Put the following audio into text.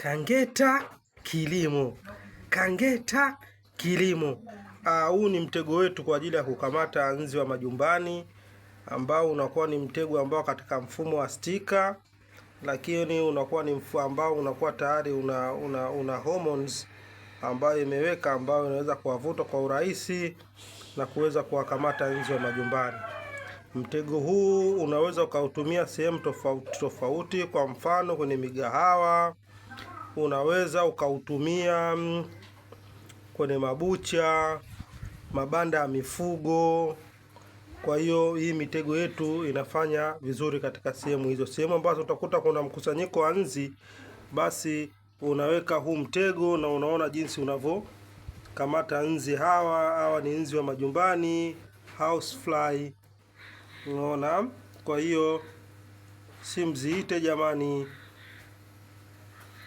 Kangeta Kilimo, Kangeta Kilimo. Ah, huu ni mtego wetu kwa ajili ya kukamata nzi wa majumbani ambao unakuwa ni mtego ambao katika mfumo wa stika, lakini unakuwa ni mfumo ambao unakuwa tayari una, una, una hormones ambayo imeweka ambayo inaweza kuwavuta kwa urahisi na kuweza kuwakamata nzi wa majumbani. Mtego huu unaweza ukautumia sehemu tofauti tofauti, kwa mfano kwenye migahawa unaweza ukautumia mm, kwenye mabucha, mabanda ya mifugo. Kwa hiyo hii mitego yetu inafanya vizuri katika sehemu hizo, sehemu ambazo utakuta kuna mkusanyiko wa nzi, basi unaweka huu mtego na unaona jinsi unavyokamata nzi hawa. Hawa ni nzi wa majumbani, fly. Unaona, kwa hiyo mziite jamani.